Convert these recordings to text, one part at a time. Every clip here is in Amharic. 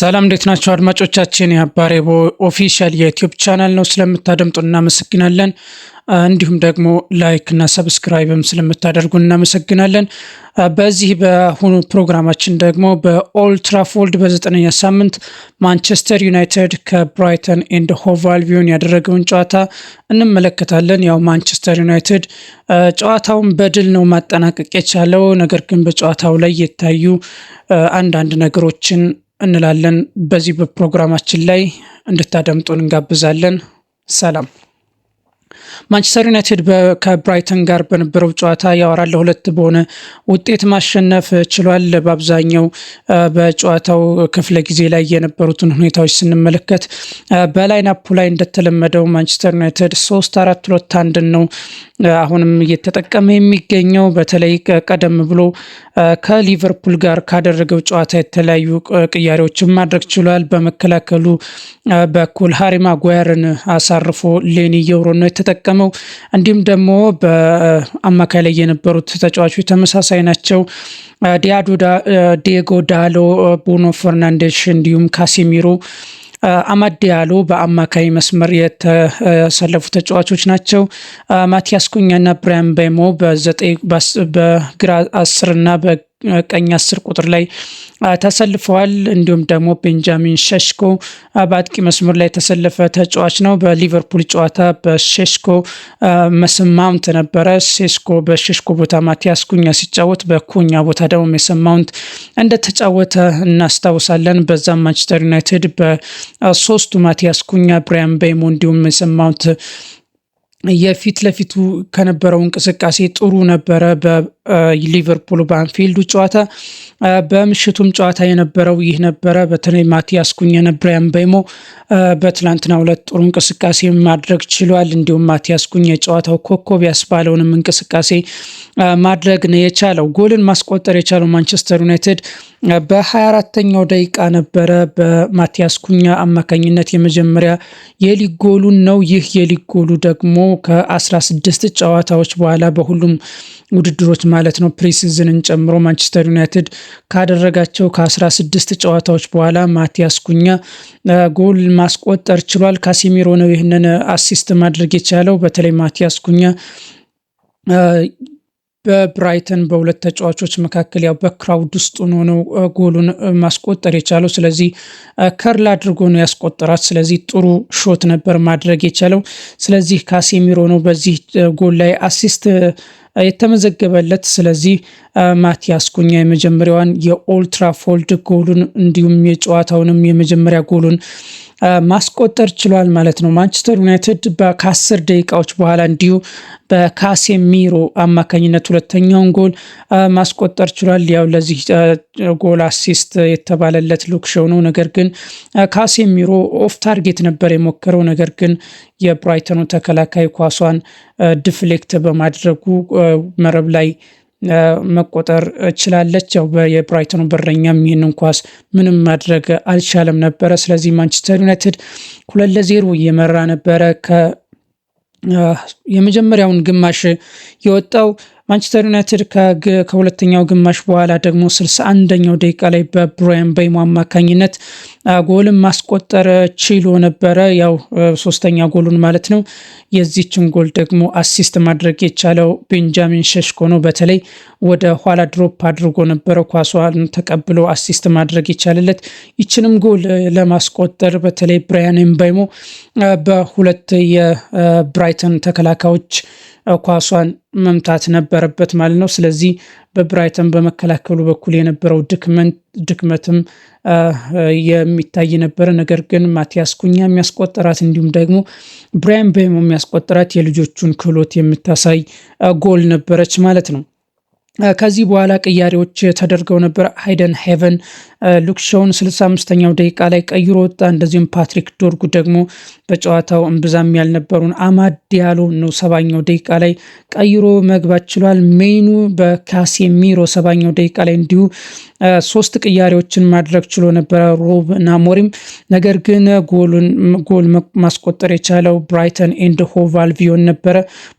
ሰላም እንዴት ናቸው አድማጮቻችን፣ የአባሬቦ ኦፊሻል የዩቲዩብ ቻናል ነው። ስለምታደምጡ እናመሰግናለን። እንዲሁም ደግሞ ላይክ እና ሰብስክራይብም ስለምታደርጉ እናመሰግናለን። በዚህ በአሁኑ ፕሮግራማችን ደግሞ በኦልትራፎልድ በዘጠነኛ ሳምንት ማንቸስተር ዩናይትድ ከብራይተን ኤንድ ሆቭ አልቢዮን ያደረገውን ጨዋታ እንመለከታለን። ያው ማንቸስተር ዩናይትድ ጨዋታውን በድል ነው ማጠናቀቅ የቻለው። ነገር ግን በጨዋታው ላይ የታዩ አንዳንድ ነገሮችን እንላለን። በዚህ በፕሮግራማችን ላይ እንድታደምጡን እንጋብዛለን። ሰላም። ማንቸስተር ዩናይትድ ከብራይተን ጋር በነበረው ጨዋታ ያወራል ለሁለት በሆነ ውጤት ማሸነፍ ችሏል። በአብዛኛው በጨዋታው ክፍለ ጊዜ ላይ የነበሩትን ሁኔታዎች ስንመለከት በላይናፑ ላይ እንደተለመደው ማንቸስተር ዩናይትድ ሶስት አራት ሁለት አንድን ነው አሁንም እየተጠቀመ የሚገኘው በተለይ ቀደም ብሎ ከሊቨርፑል ጋር ካደረገው ጨዋታ የተለያዩ ቅያሬዎችን ማድረግ ችሏል። በመከላከሉ በኩል ሃሪ ማጓየርን አሳርፎ ሌኒ የውሮ ነው የተጠቀ የተጠቀመው። እንዲሁም ደግሞ በአማካይ ላይ የነበሩት ተጫዋቾች ተመሳሳይ ናቸው። ዲያዶዳ፣ ዲጎ ዳሎ፣ ቡኖ ፈርናንዴሽ እንዲሁም ካሲሚሮ አማድ ያሉ በአማካይ መስመር የተሰለፉ ተጫዋቾች ናቸው። ማቲያስ ኩኛና ብሪያን ቤሞ በግራ አስርና ቀኝ አስር ቁጥር ላይ ተሰልፈዋል። እንዲሁም ደግሞ ቤንጃሚን ሸሽኮ በአጥቂ መስመር ላይ የተሰለፈ ተጫዋች ነው። በሊቨርፑል ጨዋታ በሸሽኮ መስማውንት ማውንት ነበረ። ሴስኮ በሸሽኮ ቦታ ማቲያስ ኩኛ ሲጫወት፣ በኩኛ ቦታ ደግሞ ሜሰን እንደተጫወተ እናስታውሳለን። በዛም ማንቸስተር ዩናይትድ በሶስቱ ማቲያስ ኩኛ፣ ብሪያን ቤሞ እንዲሁም ሜሰን የፊት ለፊቱ ከነበረው እንቅስቃሴ ጥሩ ነበረ። በሊቨርፑል በአንፊልዱ ጨዋታ፣ በምሽቱም ጨዋታ የነበረው ይህ ነበረ። በተለይ ማቲያስ ኩኛና ብራያን ቤሞ በትላንትና ሁለት ጥሩ እንቅስቃሴ ማድረግ ችሏል። እንዲሁም ማቲያስ ኩኛ የጨዋታው ኮከብ ያስባለውንም እንቅስቃሴ ማድረግ ነው የቻለው። ጎልን ማስቆጠር የቻለው ማንቸስተር ዩናይትድ በ24ተኛው ደቂቃ ነበረ በማቲያስ ኩኛ አማካኝነት የመጀመሪያ የሊግ ጎሉን ነው። ይህ የሊግ ጎሉ ደግሞ ከ16 ጨዋታዎች በኋላ በሁሉም ውድድሮች ማለት ነው ፕሪሲዝንን ጨምሮ ማንቸስተር ዩናይትድ ካደረጋቸው ከ16 ጨዋታዎች በኋላ ማቲያስ ኩኛ ጎል ማስቆጠር ችሏል። ካሴሚሮ ነው ይህንን አሲስት ማድረግ የቻለው። በተለይ ማቲያስ ኩኛ በብራይተን በሁለት ተጫዋቾች መካከል ያው በክራውድ ውስጥ ሆኖ ነው ጎሉን ማስቆጠር የቻለው። ስለዚህ ከርል አድርጎ ነው ያስቆጠራት። ስለዚህ ጥሩ ሾት ነበር ማድረግ የቻለው። ስለዚህ ካሴሚሮ ነው በዚህ ጎል ላይ አሲስት የተመዘገበለት። ስለዚህ ማቲያስ ኩኛ የመጀመሪያዋን የኦልትራፎልድ ጎሉን እንዲሁም የጨዋታውንም የመጀመሪያ ጎሉን ማስቆጠር ችሏል ማለት ነው። ማንቸስተር ዩናይትድ ከአስር ደቂቃዎች በኋላ እንዲሁ በካሴሚሮ አማካኝነት ሁለተኛውን ጎል ማስቆጠር ችሏል። ያው ለዚህ ጎል አሲስት የተባለለት ሉክሾው ነው። ነገር ግን ካሴሚሮ ኦፍ ታርጌት ነበር የሞከረው። ነገር ግን የብራይተኑ ተከላካይ ኳሷን ድፍሌክት በማድረጉ መረብ ላይ መቆጠር ችላለች። ያው የብራይተኑ በረኛም ይህንን ኳስ ምንም ማድረግ አልቻለም ነበረ። ስለዚህ ማንቸስተር ዩናይትድ ሁለት ለዜሮ እየመራ ነበረ ከ የመጀመሪያውን ግማሽ የወጣው ማንቸስተር ዩናይትድ ከሁለተኛው ግማሽ በኋላ ደግሞ 61ኛው ደቂቃ ላይ በብራያን በይሞ አማካኝነት ጎልን ማስቆጠር ችሎ ነበረ። ያው ሶስተኛ ጎሉን ማለት ነው። የዚችን ጎል ደግሞ አሲስት ማድረግ የቻለው ቤንጃሚን ሸሽኮ ነው። በተለይ ወደ ኋላ ድሮፕ አድርጎ ነበረ ኳሷን ተቀብሎ አሲስት ማድረግ የቻለለት። ይችንም ጎል ለማስቆጠር በተለይ ብራያን በይሞ በሁለት የብራይተን ተከላካዮች ኳሷን መምታት ነበረበት ማለት ነው። ስለዚህ በብራይተን በመከላከሉ በኩል የነበረው ድክመትም የሚታይ ነበረ። ነገር ግን ማቲያስ ኩኛ የሚያስቆጠራት እንዲሁም ደግሞ ብራያን ቤሞ የሚያስቆጠራት የልጆቹን ክህሎት የምታሳይ ጎል ነበረች ማለት ነው። ከዚህ በኋላ ቅያሬዎች ተደርገው ነበር። ሃይደን ሄቨን ሉክሾውን 65ኛው ደቂቃ ላይ ቀይሮ ወጣ። እንደዚሁም ፓትሪክ ዶርጉ ደግሞ በጨዋታው እምብዛም ያልነበሩን አማድ ያሉ ነው ሰባኛው ደቂቃ ላይ ቀይሮ መግባት ችሏል። ሜኑ በካሴሚሮ ሰባኛው ደቂቃ ላይ እንዲሁ ሶስት ቅያሬዎችን ማድረግ ችሎ ነበረ ሮብ ናሞሪም። ነገር ግን ጎሉን ጎል ማስቆጠር የቻለው ብራይተን ኤንድ ሆቭ አልቢዮን ነበረ።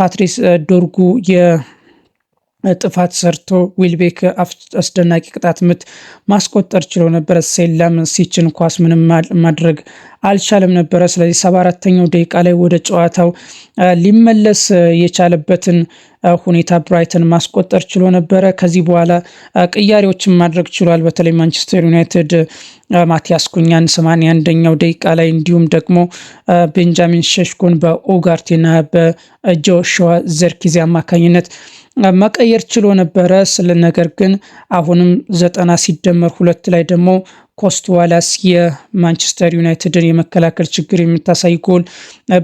ፓትሪስ ዶርጉ የ ጥፋት ሰርቶ ዊልቤክ አስደናቂ ቅጣት ምት ማስቆጠር ችሎ ነበረ። ሴላም ሲችን ኳስ ምንም ማድረግ አልቻለም ነበረ። ስለዚህ ሰባ አራተኛው ደቂቃ ላይ ወደ ጨዋታው ሊመለስ የቻለበትን ሁኔታ ብራይተን ማስቆጠር ችሎ ነበረ። ከዚህ በኋላ ቅያሬዎችን ማድረግ ችሏል። በተለይ ማንቸስተር ዩናይትድ ማቲያስ ኩኛን 81ኛው ደቂቃ ላይ እንዲሁም ደግሞ ቤንጃሚን ሸሽኮን በኦጋርቴና በጆሽዋ ዘርኪዜ አማካኝነት መቀየር ችሎ ነበረ ስለ ነገር ግን አሁንም ዘጠና ሲደመር ሁለት ላይ ደግሞ ኮስትዋላስ የማንቸስተር ዩናይትድን የመከላከል ችግር የምታሳይ ጎል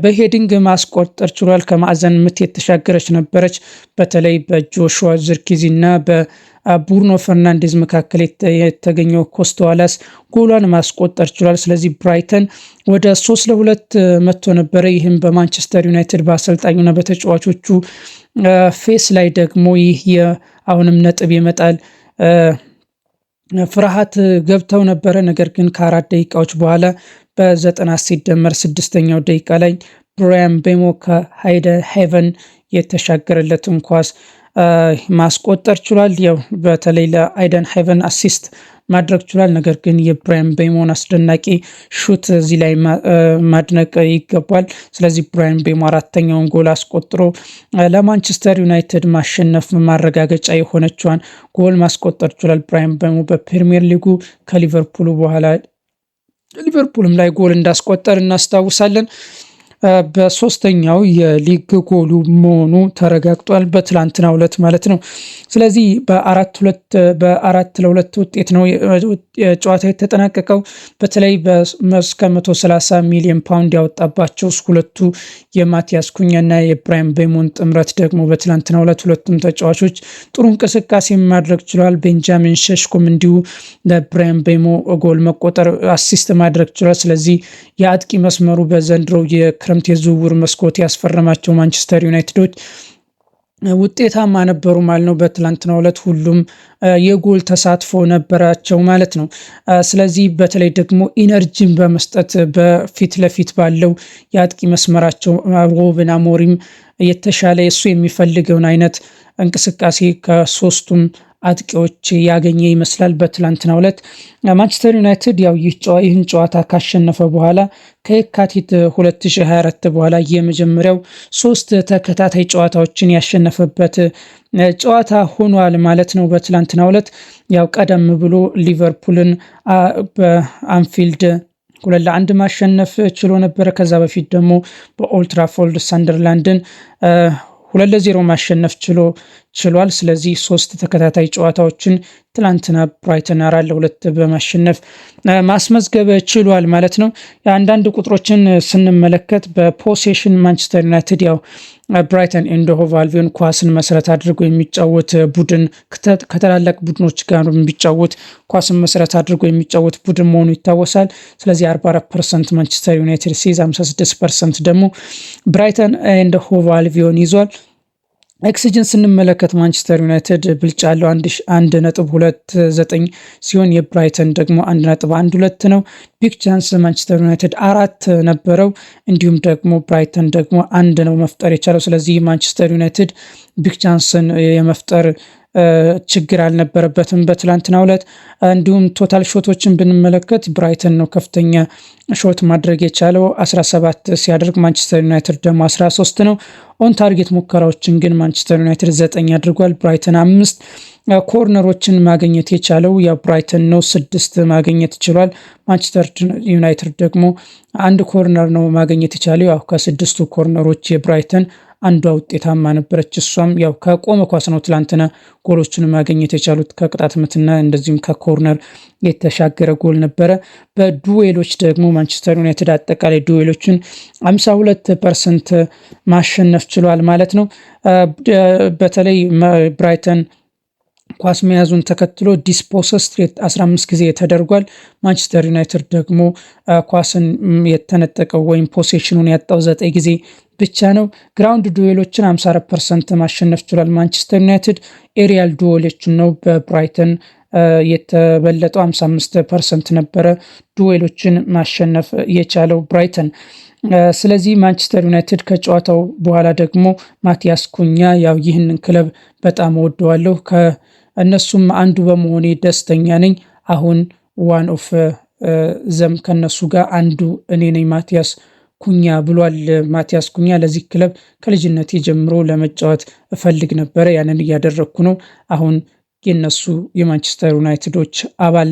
በሄድንግ ማስቆጠር ችሏል። ከማዕዘን ምት የተሻገረች ነበረች። በተለይ በጆሹዋ ዝርኪዚ እና በቡርኖ ፈርናንዴዝ መካከል የተገኘው ኮስትዋላስ ጎሏን ማስቆጠር ችሏል። ስለዚህ ብራይተን ወደ ሶስት ለሁለት መጥቶ ነበረ። ይህም በማንቸስተር ዩናይትድ በአሰልጣኙና በተጫዋቾቹ ፌስ ላይ ደግሞ ይህ አሁንም ነጥብ ይመጣል ፍርሃት ገብተው ነበረ። ነገር ግን ከአራት ደቂቃዎች በኋላ በዘጠና ሲደመር ስድስተኛው ደቂቃ ላይ ብራያን ቤሞ ከሃይደ ሄቨን የተሻገረለትን ኳስ ማስቆጠር ችሏል። ያው በተለይ ለአይደን ሃይቨን አሲስት ማድረግ ችሏል። ነገር ግን የብራያን ቤሞን አስደናቂ ሹት እዚህ ላይ ማድነቅ ይገባል። ስለዚህ ብራያን ቤሞ አራተኛውን ጎል አስቆጥሮ ለማንቸስተር ዩናይትድ ማሸነፍ ማረጋገጫ የሆነችዋን ጎል ማስቆጠር ችሏል። ብራያን ቤሞ በፕሪሚየር ሊጉ ከሊቨርፑሉ በኋላ ሊቨርፑልም ላይ ጎል እንዳስቆጠር እናስታውሳለን። በሶስተኛው የሊግ ጎሉ መሆኑ ተረጋግጧል። በትላንትናው ዕለት ማለት ነው። ስለዚህ በአራት ሁለት በአራት ለሁለት ውጤት ነው ጨዋታ የተጠናቀቀው። በተለይ እስከ 130 ሚሊዮን ፓውንድ ያወጣባቸው ሁለቱ የማቲያስ ኩኛና የብራይም ቤሞን ጥምረት ደግሞ በትላንትናው ዕለት ሁለቱም ተጫዋቾች ጥሩ እንቅስቃሴ ማድረግ ችሏል። ቤንጃሚን ሸሽኮም እንዲሁ ለብራይም ቤሞ ጎል መቆጠር አሲስት ማድረግ ችሏል። ስለዚህ የአጥቂ መስመሩ በዘንድሮው የክረምት የዝውውር መስኮት ያስፈረማቸው ማንቸስተር ዩናይትዶች ውጤታማ ነበሩ ማለት ነው። በትላንትናው ዕለት ሁሉም የጎል ተሳትፎ ነበራቸው ማለት ነው። ስለዚህ በተለይ ደግሞ ኢነርጂን በመስጠት በፊት ለፊት ባለው የአጥቂ መስመራቸው ሮብን አሞሪም የተሻለ እሱ የሚፈልገውን አይነት እንቅስቃሴ ከሶስቱም አጥቂዎች ያገኘ ይመስላል። በትላንትናው ዕለት ማንቸስተር ዩናይትድ ያው ይህ ይህን ጨዋታ ካሸነፈ በኋላ ከየካቲት 2024 በኋላ የመጀመሪያው ሶስት ተከታታይ ጨዋታዎችን ያሸነፈበት ጨዋታ ሆኗል ማለት ነው። በትላንትናው ዕለት ያው ቀደም ብሎ ሊቨርፑልን በአንፊልድ ሁለት ለአንድ ማሸነፍ ችሎ ነበረ። ከዛ በፊት ደግሞ በኦልትራፎልድ ሳንደርላንድን ሁለት ለዜሮ ማሸነፍ ችሎ ችሏል። ስለዚህ ሶስት ተከታታይ ጨዋታዎችን ትላንትና ብራይተን አራት ለሁለት በማሸነፍ ማስመዝገብ ችሏል ማለት ነው። አንዳንድ ቁጥሮችን ስንመለከት በፖሴሽን ማንቸስተር ዩናይትድ ያው ብራይተን ኤንዶሆቭ አልቪዮን ኳስን መሰረት አድርጎ የሚጫወት ቡድን ከታላላቅ ቡድኖች ጋር የሚጫወት ኳስን መሰረት አድርጎ የሚጫወት ቡድን መሆኑ ይታወሳል። ስለዚህ 44 ፐርሰንት ማንቸስተር ዩናይትድ ሲይዝ 56 ፐርሰንት ደግሞ ብራይተን ኤንዶሆቭ አልቪዮን ይዟል። ኤክስጅን ስንመለከት ማንቸስተር ዩናይትድ ብልጫ ያለው አንድ ነጥብ ሁለት ዘጠኝ ሲሆን የብራይተን ደግሞ አንድ ነጥብ አንድ ሁለት ነው። ቢግ ቻንስ ማንቸስተር ዩናይትድ አራት ነበረው፣ እንዲሁም ደግሞ ብራይተን ደግሞ አንድ ነው መፍጠር የቻለው። ስለዚህ ማንቸስተር ዩናይትድ ቢግ ቻንስን የመፍጠር ችግር አልነበረበትም በትላንትናው ዕለት። እንዲሁም ቶታል ሾቶችን ብንመለከት ብራይተን ነው ከፍተኛ ሾት ማድረግ የቻለው 17 ሲያደርግ ማንቸስተር ዩናይትድ ደግሞ 13 ነው። ኦን ታርጌት ሙከራዎችን ግን ማንቸስተር ዩናይትድ 9 አድርጓል፣ ብራይተን አምስት ኮርነሮችን ማግኘት የቻለው የብራይተን ነው፣ ስድስት ማግኘት ችሏል። ማንቸስተር ዩናይትድ ደግሞ አንድ ኮርነር ነው ማግኘት የቻለው ያው ከስድስቱ ኮርነሮች የብራይተን አንዷ ውጤታማ ነበረች። እሷም ያው ከቆመ ኳስ ነው ትላንትና ጎሎችን ማግኘት የቻሉት ከቅጣት ምትና እንደዚሁም ከኮርነር የተሻገረ ጎል ነበረ። በዱዌሎች ደግሞ ማንቸስተር ዩናይትድ አጠቃላይ ዱዌሎችን 52 ፐርሰንት ማሸነፍ ችሏል ማለት ነው። በተለይ ብራይተን ኳስ መያዙን ተከትሎ ዲስፖሰስ ስትሬት 15 ጊዜ ተደርጓል። ማንቸስተር ዩናይትድ ደግሞ ኳስን የተነጠቀው ወይም ፖሴሽኑን ያጣው ዘጠኝ ጊዜ ብቻ ነው። ግራውንድ ዱዌሎችን 54 ፐርሰንት ማሸነፍ ችሏል ማንቸስተር ዩናይትድ። ኤሪያል ዱዌሎችን ነው በብራይተን የተበለጠው 55 ፐርሰንት ነበረ ዱዌሎችን ማሸነፍ የቻለው ብራይተን። ስለዚህ ማንቸስተር ዩናይትድ ከጨዋታው በኋላ ደግሞ ማቲያስ ኩኛ ያው ይህንን ክለብ በጣም ወደዋለሁ፣ ከእነሱም አንዱ በመሆኔ ደስተኛ ነኝ። አሁን ዋን ኦፍ ዘም ከነሱ ጋር አንዱ እኔ ነኝ ማቲያስ ኩኛ ብሏል። ማቲያስ ኩኛ ለዚህ ክለብ ከልጅነቴ ጀምሮ ለመጫወት እፈልግ ነበረ፣ ያንን እያደረግኩ ነው። አሁን የነሱ የማንቸስተር ዩናይትዶች አባል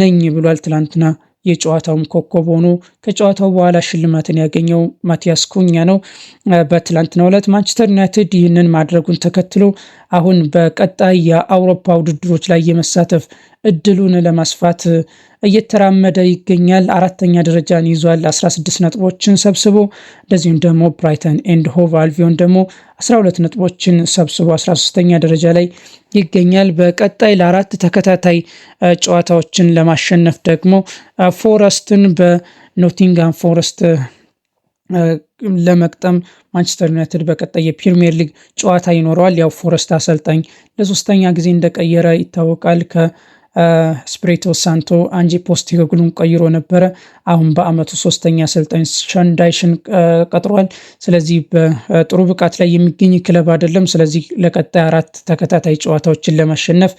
ነኝ ብሏል። ትላንትና የጨዋታውም ኮከብ ሆኖ ከጨዋታው በኋላ ሽልማትን ያገኘው ማቲያስ ኩኛ ነው። በትላንትናው ዕለት ማንቸስተር ዩናይትድ ይህንን ማድረጉን ተከትሎ አሁን በቀጣይ የአውሮፓ ውድድሮች ላይ የመሳተፍ እድሉን ለማስፋት እየተራመደ ይገኛል። አራተኛ ደረጃን ይዟል 16 ነጥቦችን ሰብስቦ እንደዚሁም ደግሞ ብራይተን ኤንድ ሆቭ አልቪዮን ደግሞ 12 ነጥቦችን ሰብስቦ 13 ኛ ደረጃ ላይ ይገኛል። በቀጣይ ለአራት ተከታታይ ጨዋታዎችን ለማሸነፍ ደግሞ ፎረስትን በኖቲንጋም ፎረስት ለመቅጠም ማንቸስተር ዩናይትድ በቀጣይ የፕሪሚየር ሊግ ጨዋታ ይኖረዋል። ያው ፎረስት አሰልጣኝ ለሶስተኛ ጊዜ እንደቀየረ ይታወቃል ከ ስፕሪቶ ሳንቶ አንጂ ፖስቴኮግሉን ቀይሮ ነበረ። አሁን በአመቱ ሶስተኛ አሰልጣኝ ሻንዳይሽን ቀጥሯል። ስለዚህ በጥሩ ብቃት ላይ የሚገኝ ክለብ አይደለም። ስለዚህ ለቀጣይ አራት ተከታታይ ጨዋታዎችን ለማሸነፍ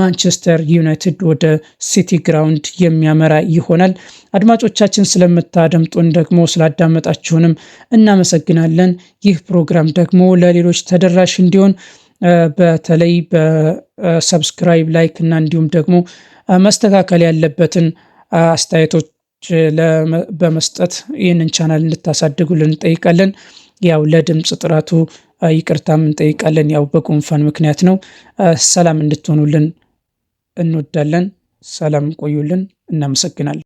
ማንቸስተር ዩናይትድ ወደ ሲቲ ግራውንድ የሚያመራ ይሆናል። አድማጮቻችን ስለምታደምጡን ደግሞ ስላዳመጣችሁንም እናመሰግናለን። ይህ ፕሮግራም ደግሞ ለሌሎች ተደራሽ እንዲሆን በተለይ በሰብስክራይብ ላይክ እና እንዲሁም ደግሞ መስተካከል ያለበትን አስተያየቶች በመስጠት ይህንን ቻናል እንድታሳድጉልን እንጠይቃለን። ያው ለድምፅ ጥራቱ ይቅርታም እንጠይቃለን። ያው በጉንፋን ምክንያት ነው። ሰላም እንድትሆኑልን እንወዳለን። ሰላም ቆዩልን። እናመሰግናለን።